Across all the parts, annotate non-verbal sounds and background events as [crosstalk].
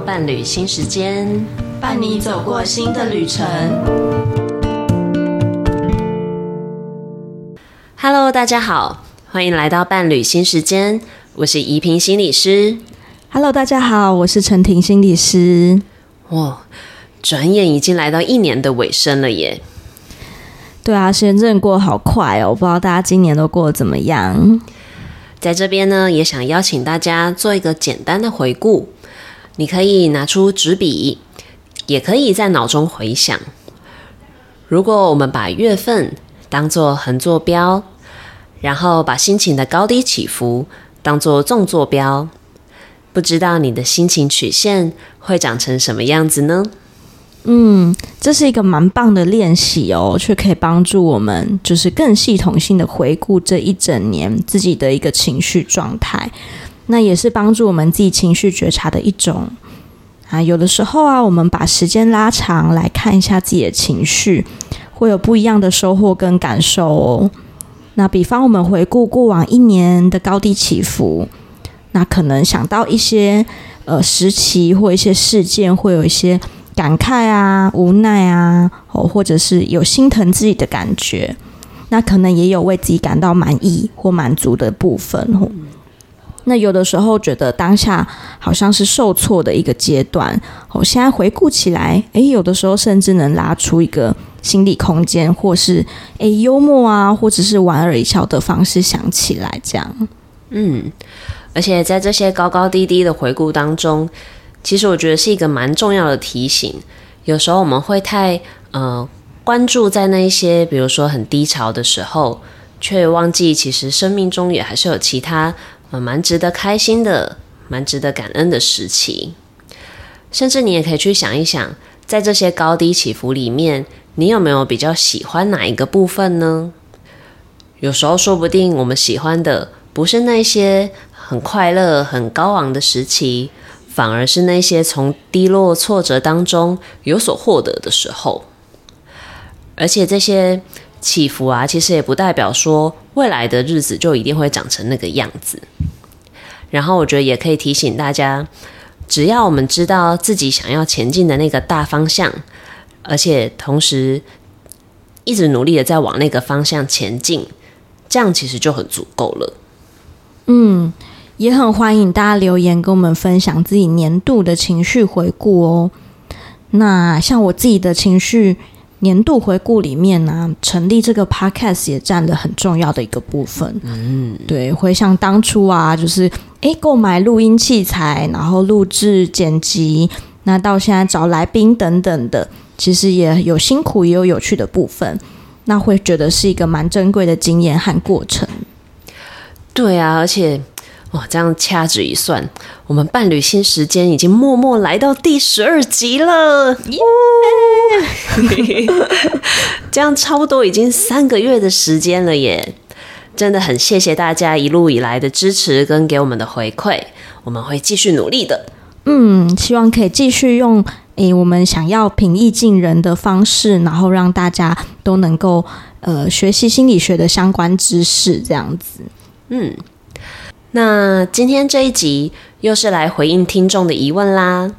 伴侶新時間，伴你走過新的旅程。Hello，大家好，歡迎來到伴侶新時間，我是怡蘋心理師。Hello，大家好，我是陳庭心理師。哇、哦，轉眼已經來到一年的尾聲了耶。對啊，時間真的過得好快哦，我不知道大家今年都過得怎麼樣？在這邊呢，也想邀請大家做一個簡單的回顧。你可以拿出紙筆，也可以在腦中回想。如果我們把月份當做橫坐標，然後把心情的高低起伏當做縱坐標，不知道你的心情曲線會長成什麼樣子呢？嗯，這是一個蠻棒的練習哦，卻可以幫助我們，就是更系統性的回顧這一整年自己的一個情緒狀態。那也是幫助我們自己情緒覺察的一種啊。有的時候啊，我們把時間拉長來看一下自己的情緒，會有不一樣的收穫跟感受哦。那比方我們回顧過往一年的高低起伏，那可能想到一些呃時期或一些事件，會有一些感慨啊、無奈啊，哦，或者是有心疼自己的感覺。那可能也有為自己感到滿意或滿足的部分。那有的時候覺得當下好像是受挫的一個階段，我、哦、現在回顧起來，誒，有的時候甚至能拉出一個心理空間，或是誒，幽默啊，或者是莞爾一笑的方式想起來，這樣。嗯，而且在這些高高低低的回顧當中，其實我覺得是一個蠻重要的提醒。有時候我們會太呃關注在那一些，比如說很低潮的時候，卻忘記其實生命中也還是有其他。呃，蠻值得開心的，蠻值得感恩的時期。甚至你也可以去想一想，在這些高低起伏裡面，你有沒有比較喜歡哪一個部分呢？有時候，說不定我們喜歡的不是那些很快樂、很高昂的時期，反而是那些從低落、挫折當中有所獲得的時候。而且，這些起伏啊，其實也不代表說。未來的日子就一定會長成那個樣子。然後我覺得也可以提醒大家，只要我們知道自己想要前進的那個大方向，而且同時一直努力的在往那個方向前進，這樣其實就很足夠了。嗯，也很歡迎大家留言跟我們分享自己年度的情緒回顧哦。那像我自己的情緒，年度回顧裡面呢、啊，成立這個 Podcast 也占了很重要的一個部分。嗯、對，回想當初啊，就是哎，欸，購買錄音器材，然後錄製、剪輯，那到現在找來賓等等的，其實也有辛苦，也有有趣的部分，那會覺得是一個蠻珍貴的經驗和過程。對啊，而且。哇、哦，這樣掐指一算，我們伴侶心時間已經默默來到第十二集了，耶、yeah! [laughs] 這樣差不多已經三個月的時間了耶，真的很謝謝大家一路以來的支持跟給我們的回饋，我們會繼續努力的。嗯，希望可以繼續用、哎、我們想要平易近人的方式，然後讓大家都能夠呃學習心理學的相關知識，這樣子，嗯。那今天這一集又是來回應聽眾的疑問啦。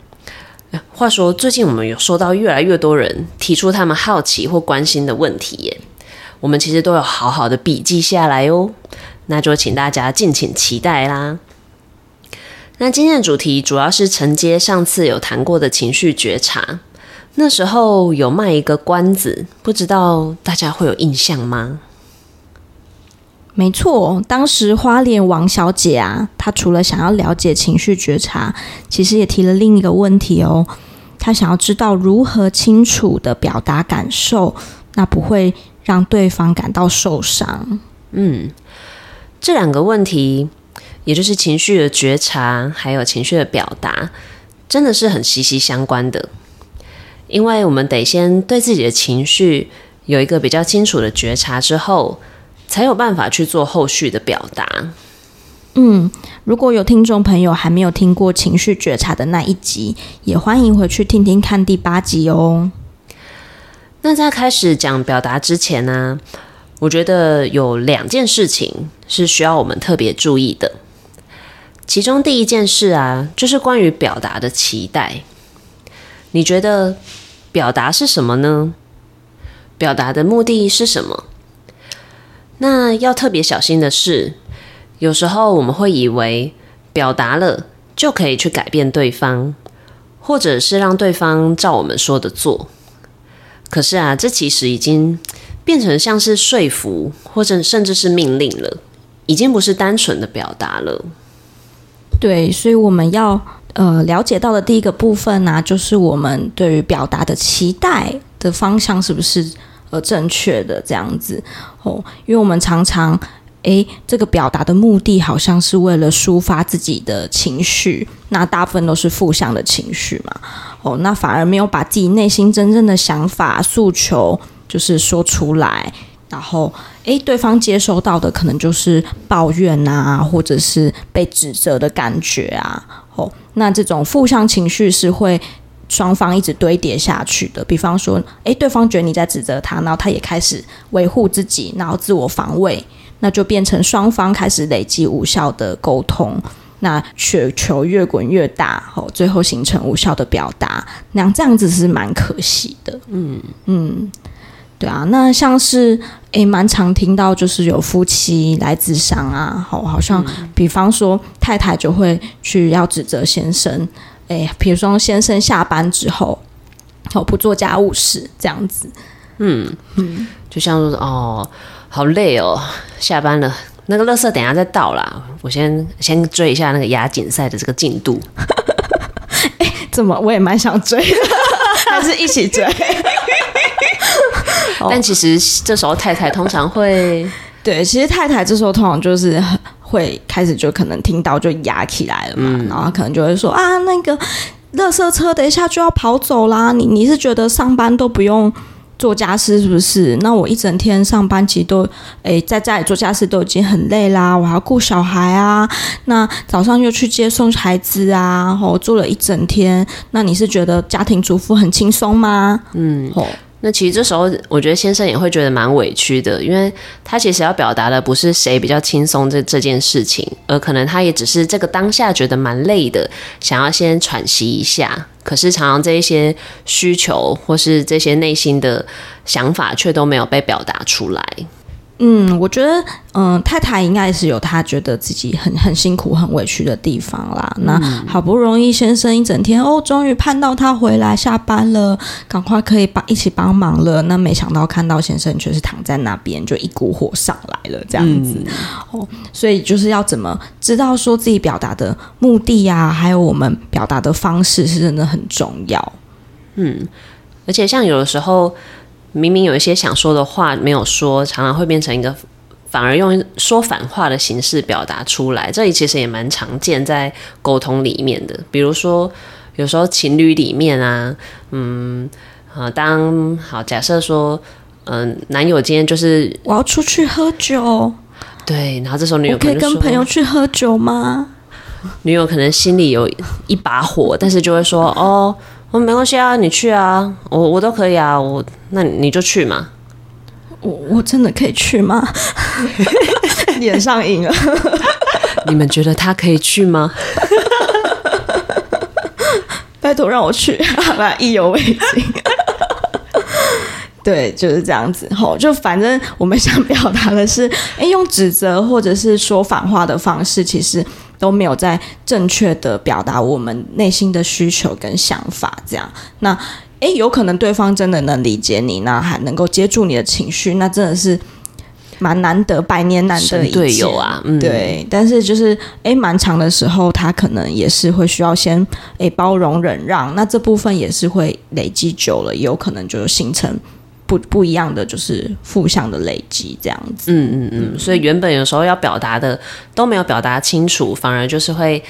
話說，最近我們有收到越來越多人提出他們好奇或關心的問題耶，我們其實都有好好的筆記下來哦。那就請大家敬請期待啦。那今天的主題主要是承接上次有談過的情緒覺察，那時候有賣一個關子，不知道大家會有印象嗎？沒錯，當時花蓮王小姐啊，她除了想要了解情緒覺察，其實也提了另一個問題哦，她想要知道如何清楚地表達感受，那不會讓對方感到受傷。嗯，這兩個問題，也就是情緒的覺察還有情緒的表達，真的是很息息相關的，因為我們得先對自己的情緒有一個比較清楚的覺察之後。才有辦法去做後續的表達。嗯，如果有聽眾朋友還沒有聽過情緒覺察的那一集，也歡迎回去聽聽看第八集哦。那在開始講表達之前呢，我覺得有兩件事情是需要我們特別注意的。其中第一件事啊，就是關於表達的期待。你覺得表達是什麼呢？表達的目的是什麼？那要特別小心的是，有時候我們會以為表達了就可以去改變對方，或者是讓對方照我們說的做。可是啊，這其實已經變成像是說服，或者甚至是命令了，已經不是單純的表達了。對，所以我們要呃了解到的第一個部分呢，啊，就是我們對於表達的期待的方向是不是？而正確的這樣子哦，因為我們常常，誒、欸，這個表達的目的好像是為了抒發自己的情緒，那大部分都是負向的情緒嘛，哦，那反而沒有把自己內心真正的想法訴求就是說出來，然後，誒、欸，對方接收到的可能就是抱怨啊，或者是被指責的感覺啊，哦，那這種負向情緒是會。雙方一直堆疊下去的，比方說，誒，對方覺得你在指責他，然後他也開始維護自己，然後自我防衛，那就變成雙方開始累積無效的溝通，那雪球越滾越大，哦、最後形成無效的表達，那這，這樣子是蠻可惜的。嗯嗯，對啊，那像是誒，蠻常聽到就是有夫妻來諮商啊，好、哦，好像比方說、嗯、太太就會去要指責先生。哎，比、欸、如說先生下班之後，我不做家務事這樣子，嗯嗯，就像說哦，好累哦，下班了，那個垃圾等一下再倒啦，我先先追一下那個亞錦賽的這個進度。哎、 [laughs] 欸，怎麼我也蠻想追的， [laughs] 但是一起追。 [laughs] [laughs] 但其實這時候太太通常會，對，其實太太這時候通常就是。會開始就可能聽到就壓起來了嘛，嗯、然後可能就會說啊，那個，垃圾車等一下就要跑走啦。你你是覺得上班都不用做家事是不是？那我一整天上班其實都誒，在家裡做家事都已經很累啦，我還要顧小孩啊，那早上又去接送孩子啊，然、哦、後做了一整天。那你是覺得家庭主婦很輕鬆嗎？嗯，哦那其實這時候，我覺得先生也會覺得蠻委屈的，因為他其實要表達的不是誰比較輕鬆這這件事情，而可能他也只是這個當下覺得蠻累的，想要先喘息一下。可是常常這一些需求或是這些內心的想法，卻都沒有被表達出來。嗯，我覺得，嗯，太太應該是有她覺得自己很很辛苦，很委屈的地方啦。嗯、那好不容易先生一整天，哦，終於盼到他回來下班了，趕快可以幫一起幫忙了。那沒想到看到先生卻是躺在那邊，就一股火上來了，這樣子。嗯、哦，所以就是要怎麼知道說自己表達的目的呀，啊，還有我們表達的方式是真的很重要。嗯，而且像有的時候。明明有一些想說的話沒有說，常常會變成一個，反而用說反話的形式表達出來。這裡其實也蠻常見在溝通裡面的，比如說有時候情侶裡面啊，嗯啊、呃，當好假設說，嗯、呃，男友今天就是，我要出去喝酒，對，然後這時候女友可，可以跟朋友去喝酒嗎？女友可能心裡有一把火，但是就會說哦。我、哦、沒關係啊，你去啊，我我都可以啊，我那你，你就去嘛。我我真的可以去嗎？臉 [laughs] 上癮了。 [laughs] 你們覺得他可以去嗎？ [laughs] 拜託讓我去，好吧，意猶未盡。 [laughs] 對，就是這樣子齁，就反正我們想表達的是，哎、欸，用指責或者是說反話的方式，其實。都沒有在正確的表達我們內心的需求跟想法，這樣那誒，有可能對方真的能理解你，那還能夠接住你的情緒，那真的是蠻難得，百年難得一見啊。嗯，對。但是就是誒，蠻長的時候，他可能也是會需要先誒包容忍讓，那這部分也是會累積久了，有可能就形成。不不一樣的就是負向的累積這樣子，嗯嗯嗯，所以原本有時候要表達的都沒有表達清楚，反而就是會，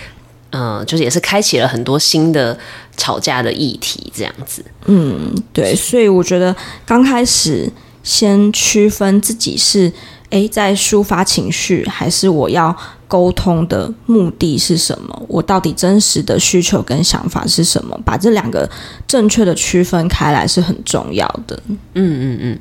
嗯、呃，就是也是開啟了很多新的吵架的議題這樣子，嗯，對，所以我覺得剛開始先區分自己是誒、欸，在抒發情緒，還是我要溝通的目的是什麼？我到底真實的需求跟想法是什麼？把這兩個正確的區分開來是很重要的。嗯嗯嗯，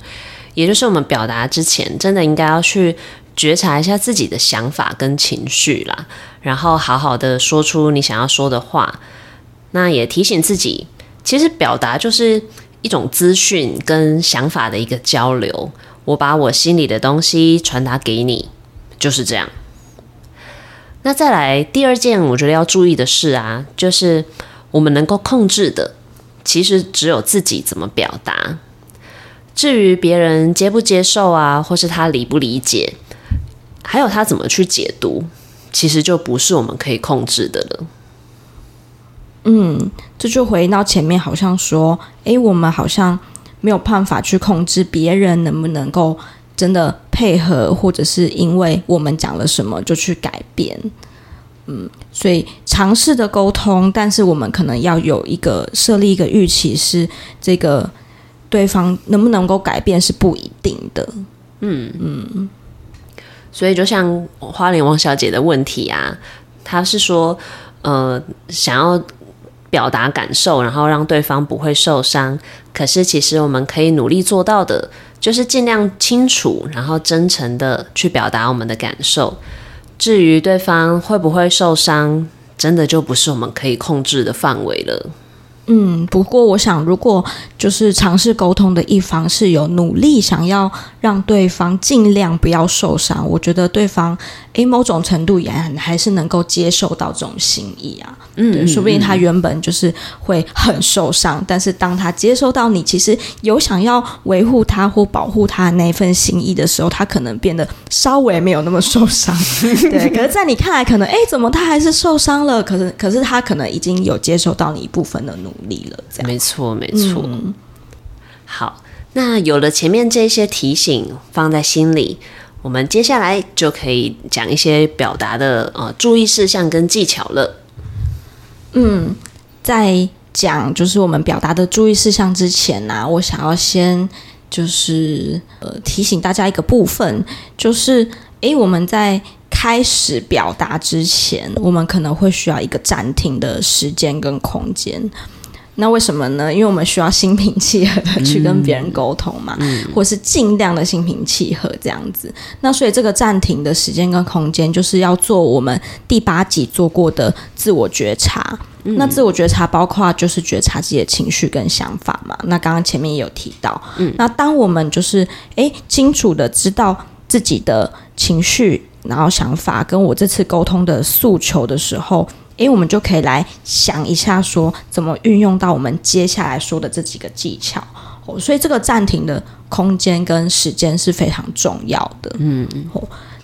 也就是我們表達之前，真的應該要去覺察一下自己的想法跟情緒啦，然後好好的說出你想要說的話。那也提醒自己，其實表達就是一種資訊跟想法的一個交流。我把我心裡的東西傳達給你，就是這樣。那再來第二件，我覺得要注意的事啊，就是我們能夠控制的，其實只有自己怎麼表達。至於別人接不接受啊，或是他理不理解，還有他怎麼去解讀，其實就不是我們可以控制的了。嗯，這就回到前面，好像說，哎、欸，我們好像沒有辦法去控制別人能不能夠。真的配合，或者是因為我們講了什麼就去改變，嗯，所以嘗試的溝通，但是我們可能要有一個設立一個預期，是這個對方能不能夠改變是不一定的，嗯嗯，嗯，所以就像花蓮王小姐的問題啊，她是說呃想要。表達感受，然後讓對方不會受傷。可是，其實我們可以努力做到的，就是儘量清楚，然後真誠地去表達我們的感受。至於對方會不會受傷，真的就不是我們可以控制的範圍了。嗯，不過我想，如果就是嘗試溝通的一方是有努力想要讓對方盡量不要受傷，我覺得對方誒某種程度也還是能夠接受到這種心意啊。嗯，對，說不定他原本就是會很受傷，但是當他接受到你其實有想要維護他或保護他那份心意的時候，他可能變得稍微沒有那麼受傷。 [laughs] 對，可是，在你看來，可能誒，怎麼他還是受傷了？可是，可是他可能已經有接受到你一部分的努力。力了，沒錯，沒錯。嗯、好，那有了前面這些提醒放在心裡，我們接下來就可以講一些表達的呃注意事項跟技巧了。嗯，在講就是我們表達的注意事項之前呢、啊，我想要先就是呃提醒大家一個部分，就是誒，我們在開始表達之前，我們可能會需要一個暫停的時間跟空間。那為什麼呢？因為我們需要心平氣和地去跟別人溝通嘛，嗯嗯、或是盡量的心平氣和這樣子。那所以這個暫停的時間跟空間，就是要做我們第八集做過的自我覺察。嗯、那自我覺察包括就是覺察自己的情緒跟想法嘛。那剛剛前面也有提到，嗯、那當我們就是哎、欸、清楚的知道自己的情緒，然後想法跟我這次溝通的訴求的時候。哎，我們就可以來想一下說，說怎麼運用到我們接下來說的這幾個技巧哦。所以這個暫停的空間跟時間是非常重要的，嗯嗯、哦。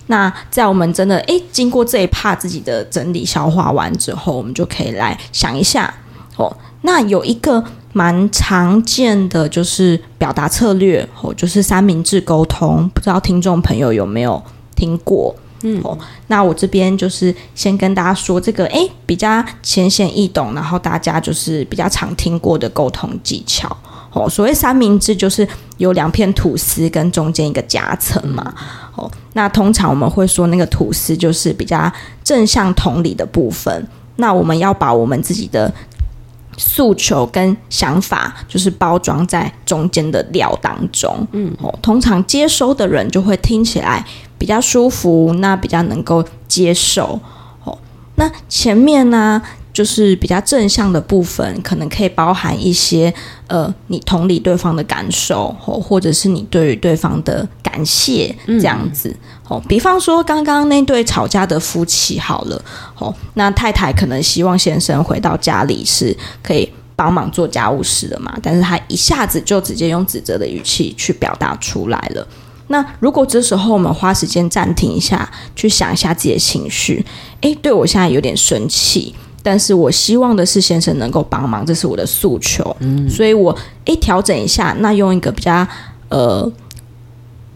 那在我們真的哎，經過這一趴自己的整理消化完之後，我們就可以來想一下哦。那有一個蠻常見的就是表達策略哦，就是三明治溝通，不知道聽眾朋友有沒有聽過？嗯、哦，那我這邊就是先跟大家說這個，誒、欸、比較淺顯易懂，然後大家就是比較常聽過的溝通技巧。哦，所謂三明治就是有兩片吐司跟中間一個夾層嘛。嗯、哦，那通常我們會說那個吐司就是比較正向同理的部分，那我們要把我們自己的訴求跟想法，就是包裝在中間的料當中。嗯，哦，通常接收的人就會聽起來。比較舒服，那比較能夠接受哦。那前面呢，啊，就是比較正向的部分，可能可以包含一些呃，你同理對方的感受哦，或者是你對於對方的感謝，嗯，這樣子哦。比方說，剛剛那對吵架的夫妻，好了哦，那太太可能希望先生回到家裡是可以幫忙做家務事的嘛，但是他一下子就直接用指責的語氣去表達出來了。那如果這時候我們花時間暫停一下，去想一下自己的情緒，哎，對，我現在有點生氣，但是我希望的是先生能夠幫忙，這是我的訴求。嗯，所以我哎調整一下，那用一個比較呃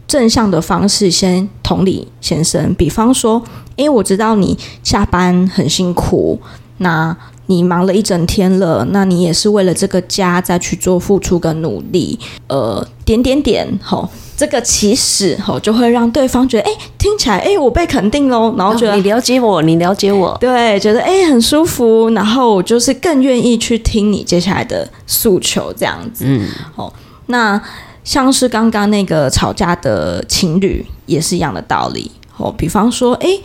正向的方式先同理先生，比方說，因為我知道你下班很辛苦，那你忙了一整天了，那你也是為了這個家再去做付出跟努力，呃，點點點，好、哦。這個其實哦，就會讓對方覺得哎、欸，聽起來哎、欸，我被肯定嘍，然後覺得，哦，你了解我，你了解我，對，覺得哎、欸、很舒服，然後就是更願意去聽你接下來的訴求，這樣子。嗯、哦，那像是剛剛那個吵架的情侶也是一樣的道理哦。比方說，哎、欸，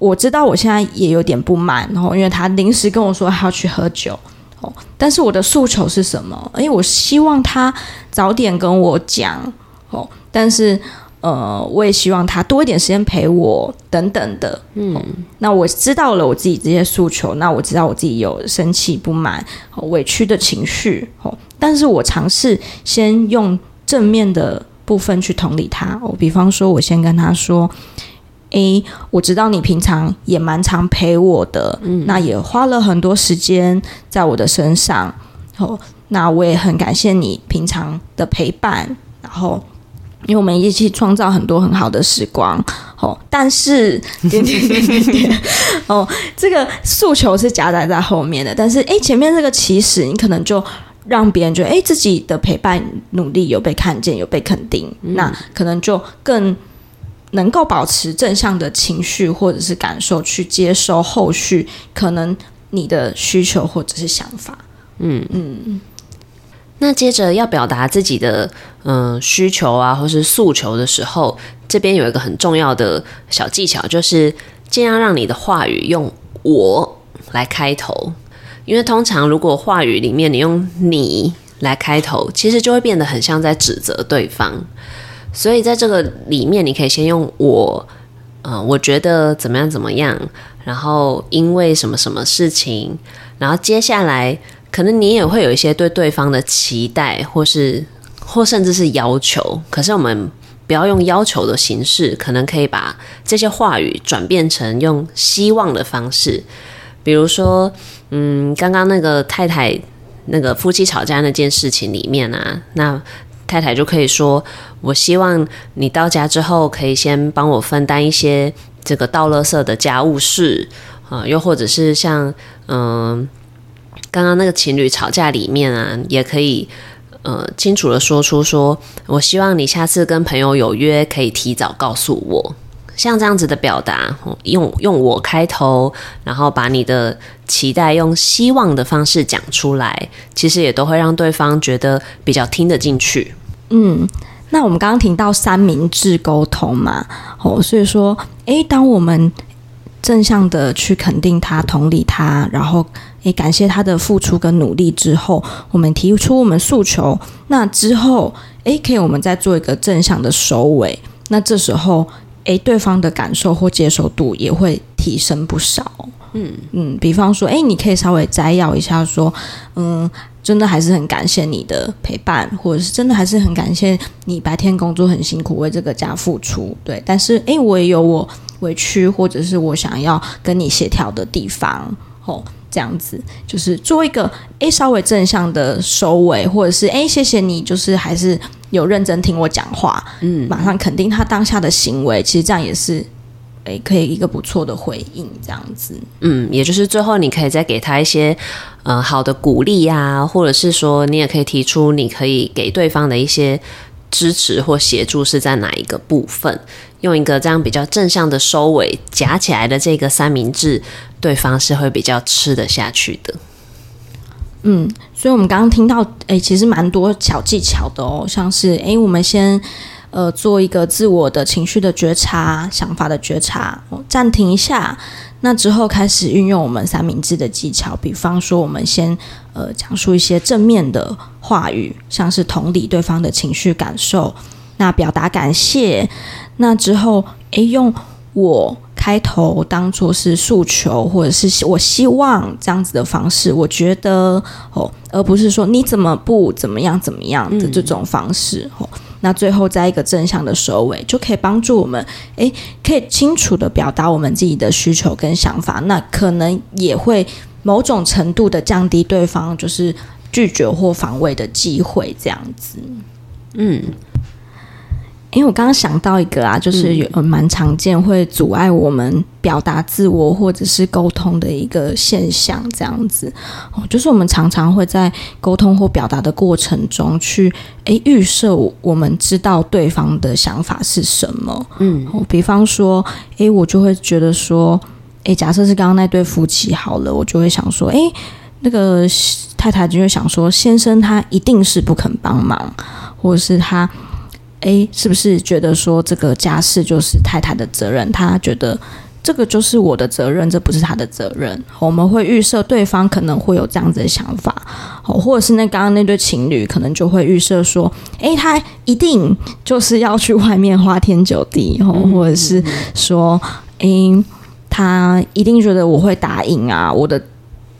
我知道我現在也有點不滿，然後，哦，因為他臨時跟我說他要去喝酒，哦，但是我的訴求是什麼？哎、欸，我希望他早點跟我講。哦，但是，呃，我也希望他多一點時間陪我，等等的。嗯、哦，那我知道了我自己這些訴求，那我知道我自己有生氣、不滿、哦、委屈的情緒。哦，但是我嘗試先用正面的部分去同理他。哦，比方說，我先跟他說誒、欸，我知道你平常也蠻常陪我的，嗯，那也花了很多時間在我的身上。哦，那我也很感謝你平常的陪伴，然後。因為我們一起創造很多很好的時光，哦，但是點點點點哦， [laughs] 這個訴求是夾雜在後面的，但是哎，前面這個其實你可能就讓別人覺得哎，自己的陪伴努力有被看見，有被肯定，嗯、那可能就更能夠保持正向的情緒或者是感受，去接收後續可能你的需求或者是想法。嗯嗯。嗯那接着要表達自己的嗯、呃、需求啊，或是訴求的時候，這邊有一個很重要的小技巧，就是儘量讓你的話語用“我”來開頭，因為通常如果話語裡面你用“你”來開頭，其實就會變得很像在指責對方。所以在這個裡面，你可以先用“我”，嗯、呃，我覺得怎麼樣怎麼樣，然後因為什麼什麼事情，然後接下來。可能你也會有一些對對方的期待，或是或甚至是要求，可是我們不要用要求的形式，可能可以把這些話語轉變成用希望的方式，比如說，嗯，剛剛那個太太那個夫妻吵架那件事情裡面啊，那太太就可以說，我希望你到家之後可以先幫我分擔一些這個倒垃圾的家務事啊、呃，又或者是像嗯。呃剛剛那個情侶吵架裡面啊，也可以呃清楚的說出說，說我希望你下次跟朋友有約，可以提早告訴我。像這樣子的表達，用用我開頭，然後把你的期待用希望的方式講出來，其實也都會讓對方覺得比較聽得進去。嗯，那我們剛剛提到三明治溝通嘛，哦，所以說，誒，當我們正向的去肯定他、同理他，然後。誒，感謝他的付出跟努力之後，我們提出我們訴求，那之後，誒，可以我們再做一個正向的收尾，那這時候，誒，對方的感受或接受度也會提升不少。嗯嗯，比方說，誒，你可以稍微摘要一下，說，嗯，真的還是很感謝你的陪伴，或者是真的還是很感謝你白天工作很辛苦，為這個家付出。對，但是，哎，我也有我委屈，或者是我想要跟你協調的地方，哦。這樣子就是做一個欸，稍微正向的收尾，或者是欸，謝謝你，就是還是有認真聽我講話，嗯，馬上肯定他當下的行為，其實這樣也是欸，可以一個不錯的回應，這樣子，嗯，也就是最後你可以再給他一些呃，好的鼓勵呀，或者是說你也可以提出你可以給對方的一些支持或協助是在哪一個部分。用一個這樣比較正向的收尾夾起來的這個三明治，對方是會比較吃得下去的。嗯，所以我們剛剛聽到，誒，其實蠻多小技巧的哦，像是誒，我們先呃做一個自我的情緒的覺察、想法的覺察，暫停一下，那之後開始運用我們三明治的技巧，比方說我們先呃講述一些正面的話語，像是同理對方的情緒感受，那表達感謝，那之後，哎、欸，用我開頭當做是訴求，或者是我希望這樣子的方式，我覺得哦，而不是說你怎麼不怎麼樣怎麼樣的這種方式、嗯、哦。那最後在一個正向的收尾，就可以幫助我們，哎、欸，可以清楚的表達我們自己的需求跟想法。那可能也會某種程度的降低對方就是拒絕或防衛的機會，這樣子。嗯。因為、欸、我剛剛想到一個啊，就是有、呃、蠻常見會阻礙我們表達自我或者是溝通的一個現象，這樣子哦，就是我們常常會在溝通或表達的過程中去誒、欸、預設我們知道對方的想法是什麼，嗯，比方說誒、欸，我就會覺得說誒、欸，假設是剛剛那對夫妻好了，我就會想說誒、欸，那個太太就會想說先生他一定是不肯幫忙，或者是他。哎，是不是覺得說這個家事就是太太的責任？他覺得這個就是我的責任，這不是他的責任。我們會預設對方可能會有這樣子的想法，哦，或者是那剛剛那對情侶可能就會預設說，哎，他一定就是要去外面花天酒地，哦，或者是說，哎，他一定覺得我會答應啊，我的。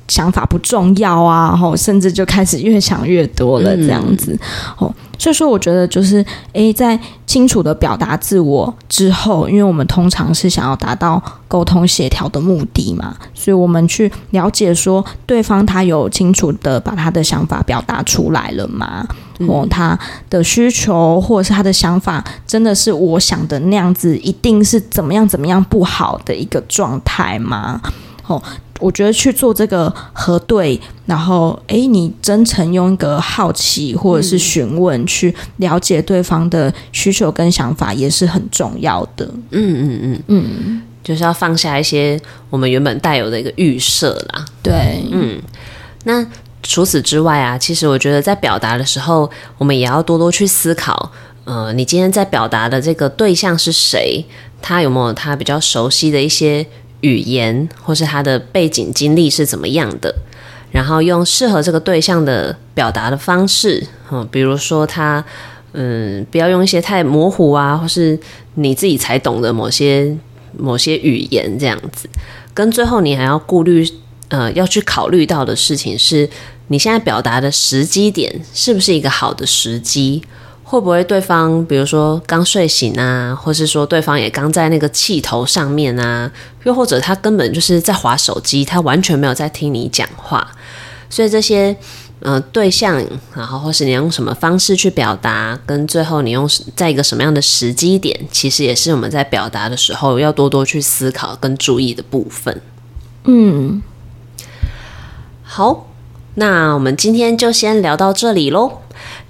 想法不重要啊，吼，甚至就開始越想越多了，這樣子，嗯、哦，所以說我覺得就是，誒，在清楚地表達自我之後，因為我們通常是想要達到溝通協調的目的嘛，所以我們去了解說對方他有清楚地把他的想法表達出來了嗎？嗯、哦，他的需求或者是他的想法真的是我想的那樣子，一定是怎麼樣怎麼樣不好的一個狀態嗎？哦。我覺得去做這個核對，然後誒，你真誠用一個好奇或者是詢問、嗯、去了解對方的需求跟想法，也是很重要的。嗯嗯嗯嗯，就是要放下一些我們原本帶有的一個預設啦。對，嗯，嗯。那除此之外啊，其實我覺得在表達的時候，我們也要多多去思考。呃，你今天在表達的這個對象是誰？他有沒有他比較熟悉的一些？語言，或是他的背景經歷是怎麼樣的，然後用適合這個對象的表達的方式，嗯、呃，比如說他，嗯，不要用一些太模糊啊，或是你自己才懂的某些某些語言這樣子。跟最後你還要顧慮，呃，要去考慮到的事情是你現在表達的時機點是不是一個好的時機。會不會對方，比如說剛睡醒啊，或是說對方也剛在那個氣頭上面啊，又或者他根本就是在滑手機，他完全沒有在聽你講話。所以這些呃對象，然後或是你用什麼方式去表達，跟最後你用在一個什麼樣的時機點，其實也是我們在表達的時候要多多去思考跟注意的部分。嗯，好，那我們今天就先聊到這裡嘍。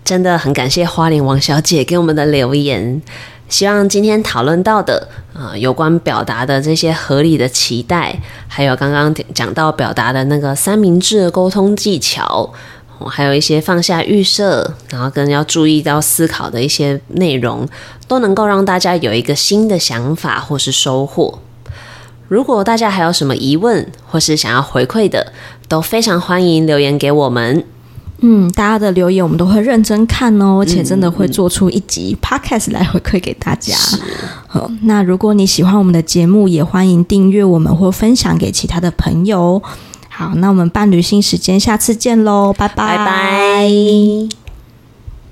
真的很感謝花蓮王小姐給我們的留言。希望今天討論到的啊，有關表達的這些合理的期待，還有剛剛講到表達的那個三明治的溝通技巧，我還有一些放下預設，然後跟要注意到思考的一些內容，都能夠讓大家有一個新的想法或是收穫。如果大家還有什麼疑問或是想要回饋的，都非常歡迎留言給我們。嗯，大家的留言我們都會認真看哦，而且真的會做出一集 podcast 來回饋給大家。是好，那如果你喜歡我們的節目，也歡迎訂閱我們或分享給其他的朋友。好，那我們伴侶心時間下次見嘍，拜拜。Bye bye